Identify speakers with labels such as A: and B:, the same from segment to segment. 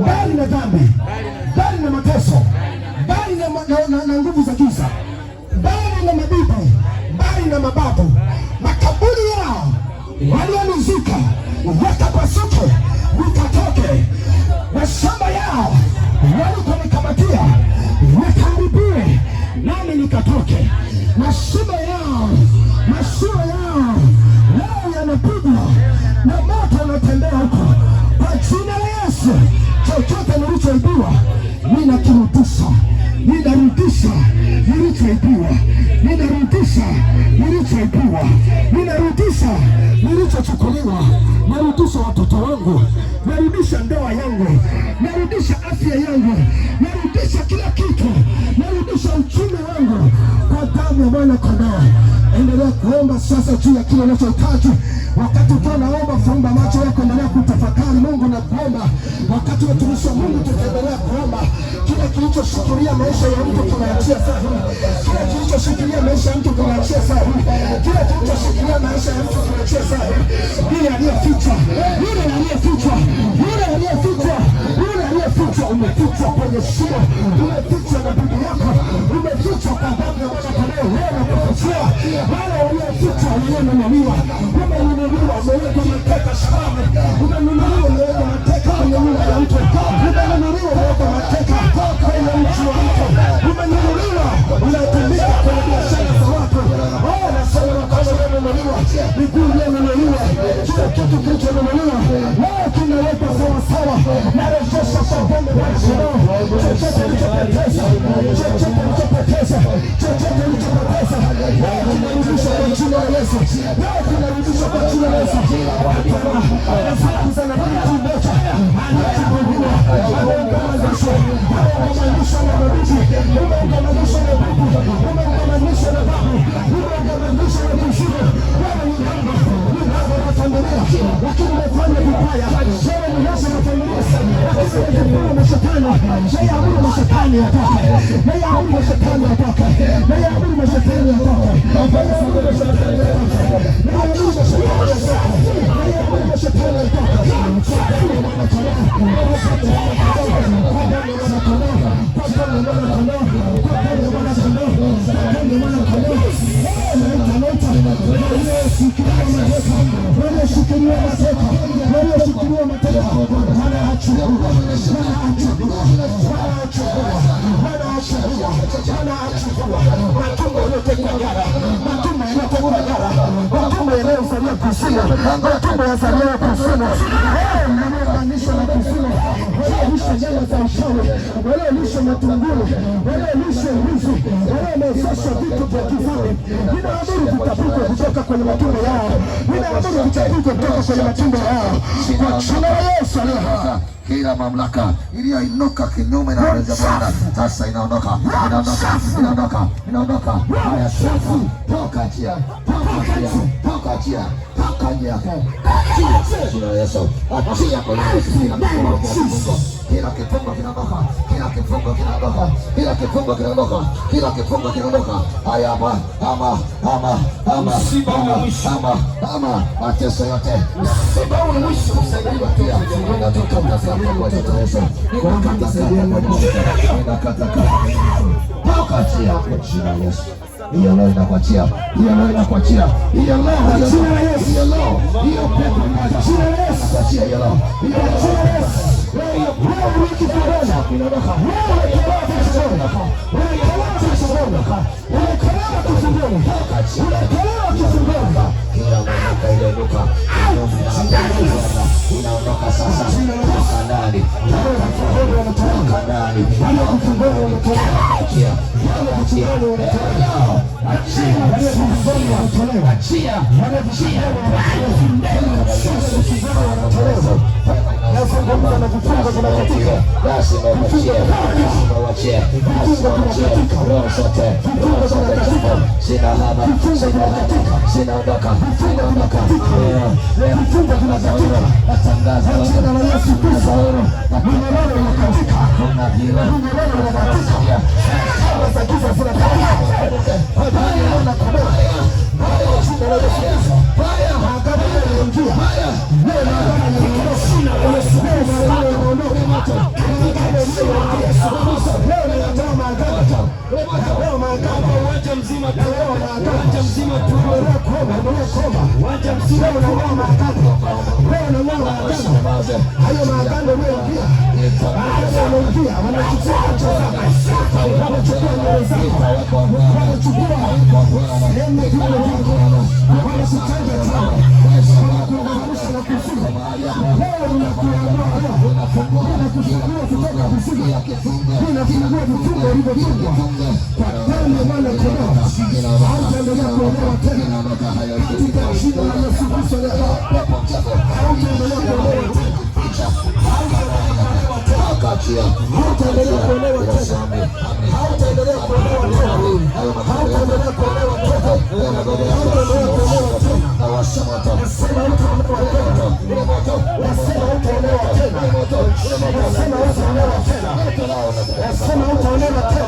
A: mbali na dhambi, bali na mateso, bali na nguvu za giza, bali na mabibi, bali na mababu, makaburi yao walionizika wakapasuke nikatoke, mashamba yao walikonikamatia, wakaribie nami nikatoke, mashamba yao nilichochukua, ninarudisha nilichochukuliwa, narudisha watoto wangu, narudisha ndoa yangu, narudisha afya yangu, narudisha kila kitu, narudisha uchumi wangu kwa damu ya mwana kondoo. Endelea kuomba sasa juu ya kile unachohitaji wakati ukiwa naomba, fumba macho yako, endelea kutafakari Mungu na kuomba. Wakati wa wa Mungu tutaendelea kuomba. Kile kilichoshikilia maisha ya mtu tunaachia saa hii, kile kilichoshikilia maisha ya mtu tunaachia saa hii, kile kilichoshikilia maisha ya mtu tunaachia saa hii. Yule aliyefichwa, yule aliyefichwa, yule aliyefichwa, yule aliyefichwa, umefichwa kwenye shimo, umefichwa na bibi yako, umefichwa kwa damu ya mwana kondoo. Wewe unakufichwa wale waliofichwa walionunguliwa umewekwa mateka Shababu, umenunuliwa umewekwa mateka kwenye nyumba ya mtu, umenunuliwa umewekwa mateka kwenye mji wa mtu, umenunuliwa unatumika kwenye biashara za watu. Oh, Nasema kwamba umenunuliwa, miguu iliyonunuliwa, kila kitu kilichonunuliwa leo kinawekwa sawasawa na rejesha kwa upendo wa Yesu. Chochote ulichopoteza, chochote ulichopoteza, chochote ulichopoteza Yesu, leo tunarudishwa kwa jina la Yesu. Yesu umemgamanisha na mauti, umemgamanisha na dhambi, umemgamanisha na dhambi, umemgamanisha na kuzimu. Wewe ni nani? Ni nani unatangulia? Lakini umefanya vibaya. Wewe ni Yesu unatangulia sana, lakini umejipanga na shetani. Yeye amuru na shetani atoke, yeye amuru na shetani atoke, yeye amuru na shetani atoke, yeye amuru na shetani atoke, yeye amuru na shetani atoke, yeye amuru na shetani atoke. wanachukua matumbo yaliyotekwa nyara, matumbo yaliyotekwa nyara, matumbo yanayozaliwa kuzimu, matumbo yazaliwa kuzimu kisima, wanaolisha nyama za uchawi, wanaolisha matunguru, wanaolisha mwizi, wanaomezesha vitu vya kivuli, ninaamuru vitapikwe kutoka kwenye matumbo yao, ninaamuru vitapikwe kutoka kwenye matumbo yao kwa jina la Yesu aliye hai.
B: Kila mamlaka iliyoinuka kinyume na uwezo wa Bwana sasa inaondoka, inaondoka, inaondoka, inaondoka. Haya, safi, toka njia, toka njia kupatia takanya jina Yesu, achia kwa Yesu kila kifungo kinaondoka, kila kifungo kinaondoka, kila kifungo kinaondoka, kila kifungo kinaondoka. Haya ama ama ama ama ama ama mateso yote, msiba unaishi kusaidiwa pia, unatoka mtasema kwa jina Yesu, kwa kata kata kwa jina Yesu, toka chia kwa Yesu hiyo leo inakuachia, hiyo leo inakuachia, hiyo leo, hiyo leo, hiyo pepo inakuachia, hiyo leo, hiyo leo, hiyo leo unaondoka ile duka unaondoka sasa, toka ndani, toka ndani, achia, achia, achia, achia, achia anazungumza na vifungo vinakatika, vifungo vinakatika, vifungo vinakatika, vifungo vinakatika, sina haba, sina katika, sina ondoka, vifungo vinakatika, vifungo vinakatika, natangaza jina la Yesu Kristo, minyororo inakatika, minyororo inakatika, kama za giza zinatoka, habari inakomoa, jina la Yesu Kristo, maagano yanaingia, leo maagano yanaondoka Wewe unaongea maagano, wewe unaongea maagano. Hayo maagano unayoongea, maagano wanaongea, wanachukua macho zako, wanachukua nywele zako, wanachukua sehemu ya kiuno chako, wanakuchanja chako, wanakuangusha na kufunga. Wewe unakuondoa roho, unafungua kutoka kufunga, unafungua vifungo ulivyofungwa hautaendelea kuolewa tena, hautaendelea kuolewa tena, hautaendelea kuolewa tena, hautaendelea kuolewa tena. Nasema hautaolewa tena, nasema hautaolewa tena, nasema hautaolewa tena, nasema hautaolewa tena.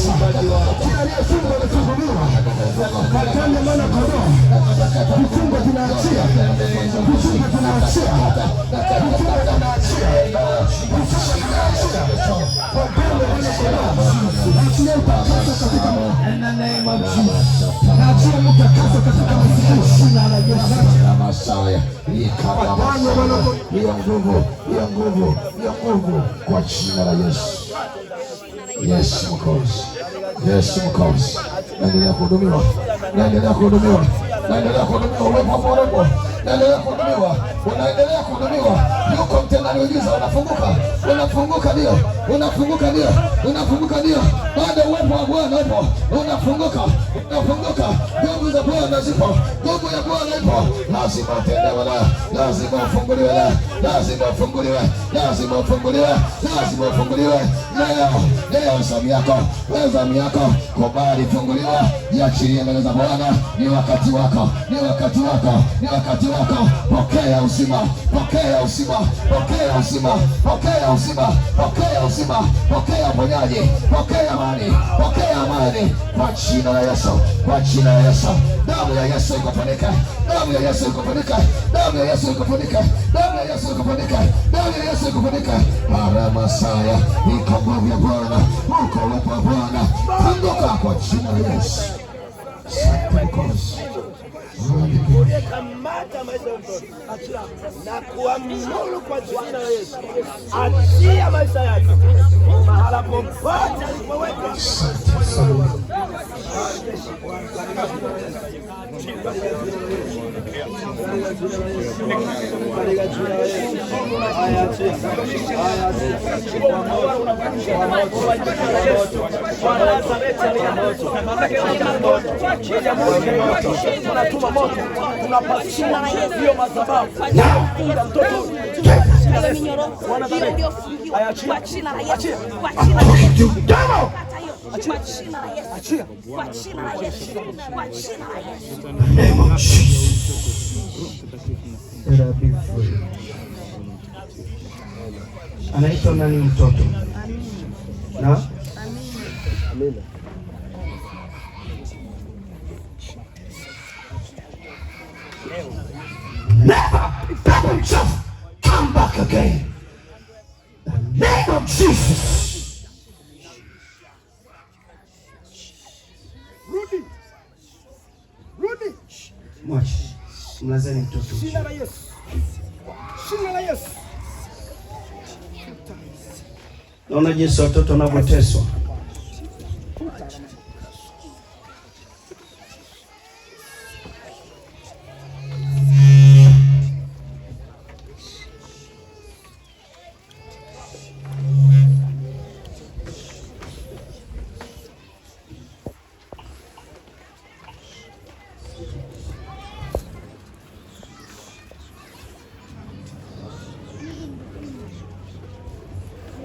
B: kila aliyefungwa amefunguliwa, katani ya mwana kondoo. Vifungo tunaachia, vifungo tunaachia, vifungo tunaachia, vifungo tunaachia kwa pendo ya mwana kondoo. Naachia utakaso katika naachia utakaso katika masiku, jina la Yesu Masaya. Katani ya mwana kondoo, hiyo nguvu, hiyo nguvu, hiyo nguvu kwa jina la Yesu. Yesu Mkozi, Yesu Mkozi, naendelea kuhudumiwa, naendelea kuhudumiwa, naendelea kuhudumiwa, uwepo hapo ulipo unaendelea kuhudumiwa, unaendelea kuhudumiwa, yuko mtendani ujiza, unafunguka, unafunguka, ndio unafunguka, ndio unafunguka, ndio baada uwepo wa Bwana upo, unafunguka, unafunguka, nguvu za Bwana zipo, nguvu ya Bwana ipo. Lazima utendewe leo, lazima ufunguliwe leo, lazima ufunguliwe, lazima ufunguliwe, lazima ufunguliwe leo, leo zamu yako, leo zamu yako, kubali funguliwa, iachilie mbele za Bwana, ni wakati wako, ni wakati wako, ni wakati uzima wako, pokea uzima, pokea uzima, pokea uzima, pokea uzima, pokea uzima, pokea uponyaji, pokea amani, pokea amani kwa jina la Yesu, kwa jina la Yesu. Damu ya Yesu ikafunika, damu ya Yesu ikafunika, damu ya Yesu ikafunika, damu ya Yesu ikafunika, damu ya Yesu ikafunika. Mara masaya iko nguvu ya Bwana, uko uwepo Bwana, funguka kwa jina la Yesu. Asante kwa
C: uliyekamata maisha ya mtoto na kuamuru kwa jina la Yesu, achia maisha yake mahala popote alipowekwa
D: katika jina la Yesu. Haya, achia haya, achia kwa moto, kwa moto, kwa moto, kwa moto, kwa moto, tunatuma moto, tunapasua hiyo madhabahu na mtoto
E: achia
F: Erabifu anaitwa nani mtoto? Na Amina come back again. The name of Jesus.
G: Rudy. Rudy.
F: Watch. Mlazeni mtoto. Jina
G: la Yesu. Jina la Yesu.
F: Naona jinsi watoto wanavyoteswa.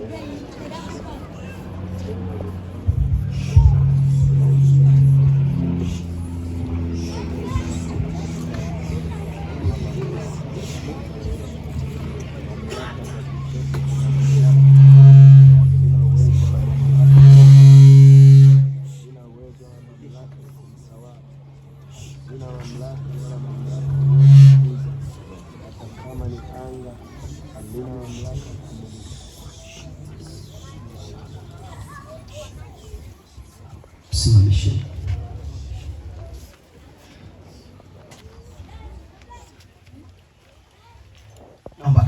F: Thank you.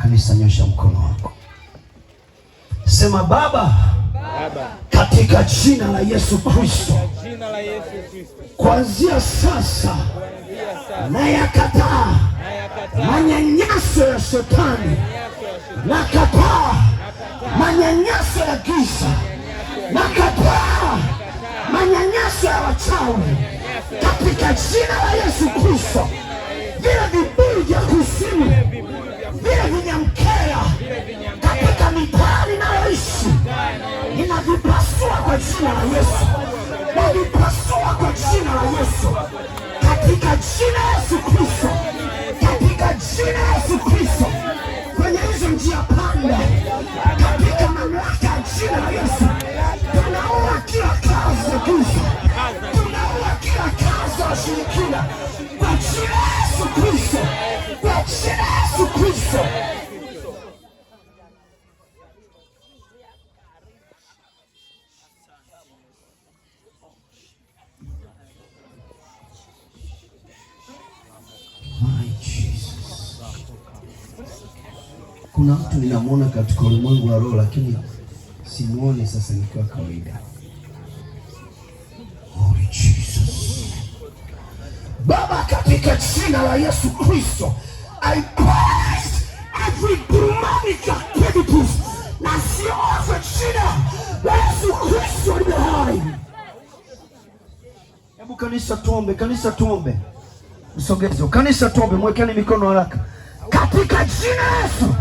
F: Kanisa, nyosha mkono wako, sema Baba, Baba, katika jina la Yesu Kristo, kuanzia sasa nayakataa manyanyaso ya shetani, nakataa manyanyaso ya giza, nakataa manyanyaso ya wachawi katika jina la Yesu Kristo, vile viburi vya kuzimu vile vinyamkea katika mitaa ninayoishi ninavipasua kwa jina la Yesu, navipasua kwa jina la Yesu, katika jina Yesu Kristo, katika jina Yesu Kristo, kwenye hizo njia panda, katika mamlaka ya jina la Yesu tunaua kila kazi ya giza, tunaua kila kazi Kuna mtu ninamwona katika ulimwengu wa roho, lakini simuone sasa nikiwa kawaida. Baba, katika jina la Yesu Kristo, I bless every demonic activities na siaza jina la Yesu Kristo ni hai. Hebu kanisa tuombe, kanisa tuombe, msogezo kanisa tuombe, mwekeni mikono haraka katika jina la Yesu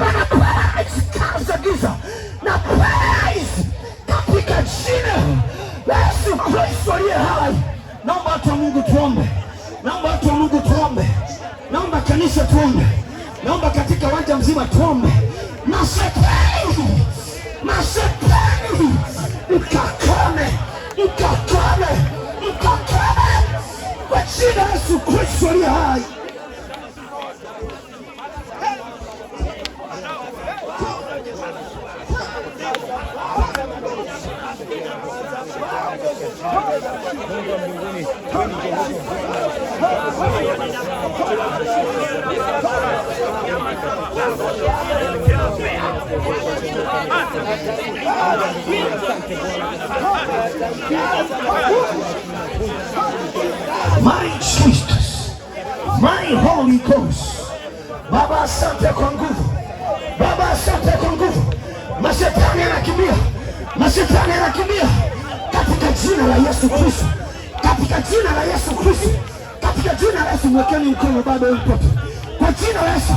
F: na praise kaza giza na praise katika jina la Yesu Kristo aliye hai. Naomba watu wa Mungu tuombe, naomba watu wa Mungu tuombe, naomba kanisa tuombe, naomba katika wanja mzima tuombe. Masekeni, masekeni, mkakame, mkakame, mkakame kwa jina la Yesu Kristo aliye hai. Mungu wa My Jesus, my Holy Ghost. Baba, asante kwa nguvu. Baba, asante kwa nguvu. Mashetani anakimbia. Mashetani anakimbia jina la Yesu Kristo, katika jina la Yesu Kristo, katika jina la Yesu, mwekeni mkono baba mtoto kwa jina la Yesu.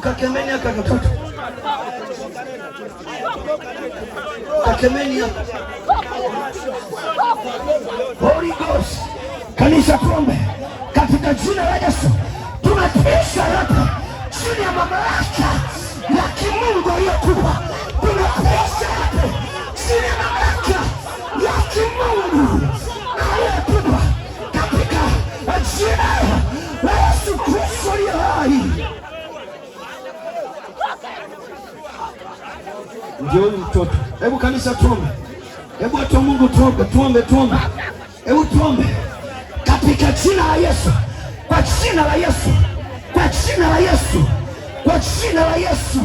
F: Kakemeni haka kakatu, Kakemeni Holy Ghost. Kanisa tuombe katika jina la Yesu, tunatisha yote chini ya mamlaka ya kimungu aliyokupa, tunatisha yote chini ya mamlaka ya kimungu aliyokupa katika jina la Yesu Kristo aliye hai Njooni mtoto. Hebu kanisa tuombe. Hebu watu wa Mungu tuombe, tuombe, tuombe. Hebu tuombe. Katika jina la Yesu. Kwa jina la Yesu. Kwa jina la Yesu. Kwa jina la Yesu.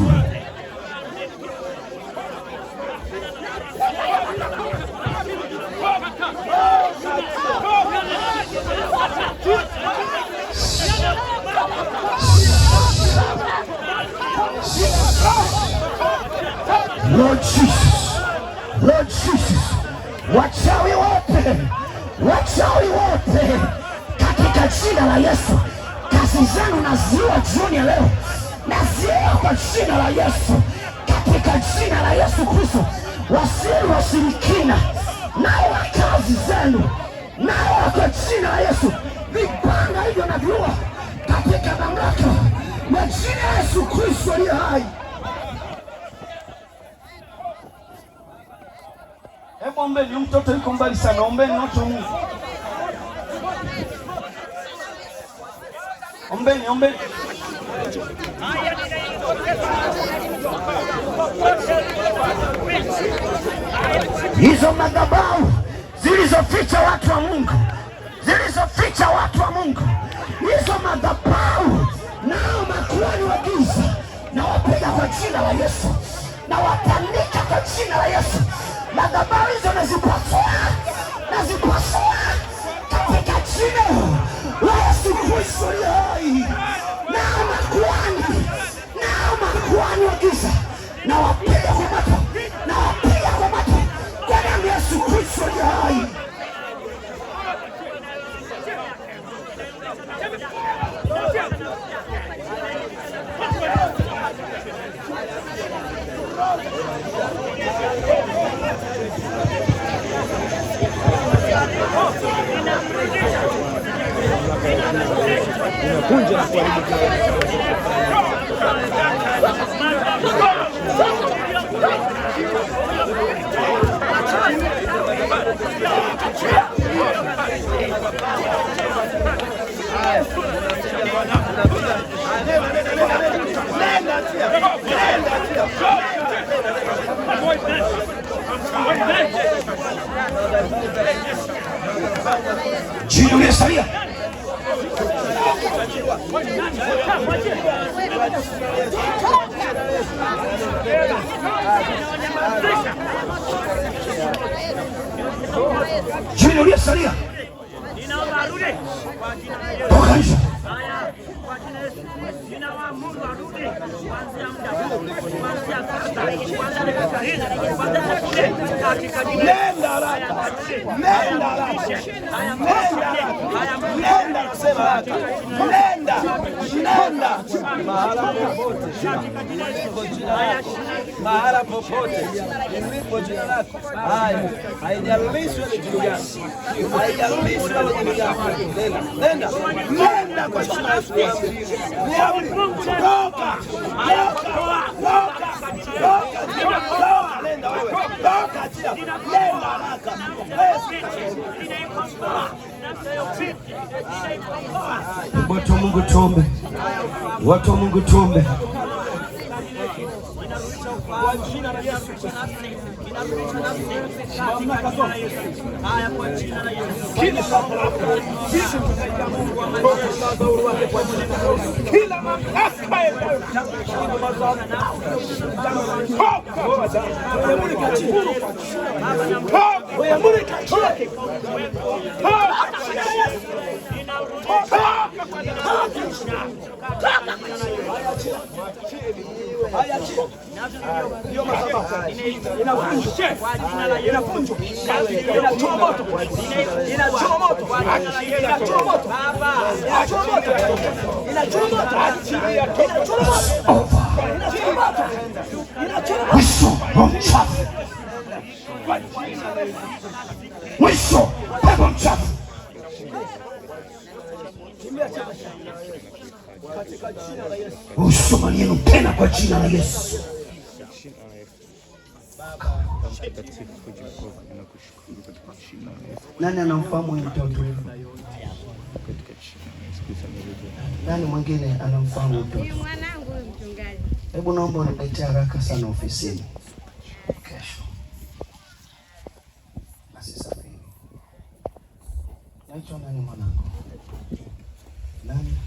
F: jina la Yesu, vipanga hivyo na viua katika mamlaka na jina Yesu Kristo aliye hai.
H: Hebu ombeni, mtoto yuko mbali sana, ombeni watu wa Mungu, ombeni, ombeni.
F: Hizo madhabahu zilizoficha watu wa Mungu zilizoficha watu wa Mungu, hizo madhabahu nao makuhani wa giza na wapiga kwa jina la Yesu na watanika kwa jina la Yesu. Madhabahu hizo nazipasua, nazipasua katika jina la Yesu Kristo hai. Nao makuhani, nao makuhani wa giza na wapiga kwa moto, na kwa moto kwa damu ya Yesu Kristo hai. unakunja na kuharibu Thank you. Jina umesalia
I: mahala popote ilipo jina lako. Haya, haijalishwa ni jina gani, haijalishwa ni jina gani. Nenda, nenda, nenda kwa jina la Yesu Kristo. Niamri, toka, toka, toka, toka, nenda wewe, toka, tia, nenda haraka
F: watu wa Mungu tuombe, watu wa Mungu tuombe kwa jina la Yesu.
J: Haya, kwa jina la Yesu, kila mamlaka
F: Mwisho mchafu, mwisho Ruhusu mali tena kwa jina la Yesu. Nani anamfahamu huyu mtoto? Nani mwingine anamfahamu mtoto?
K: mwanangu Huyu mchungaji.
F: Hebu naomba uniletee haraka sana ofisini kesho. Naitwa nani mwanangu? Amen.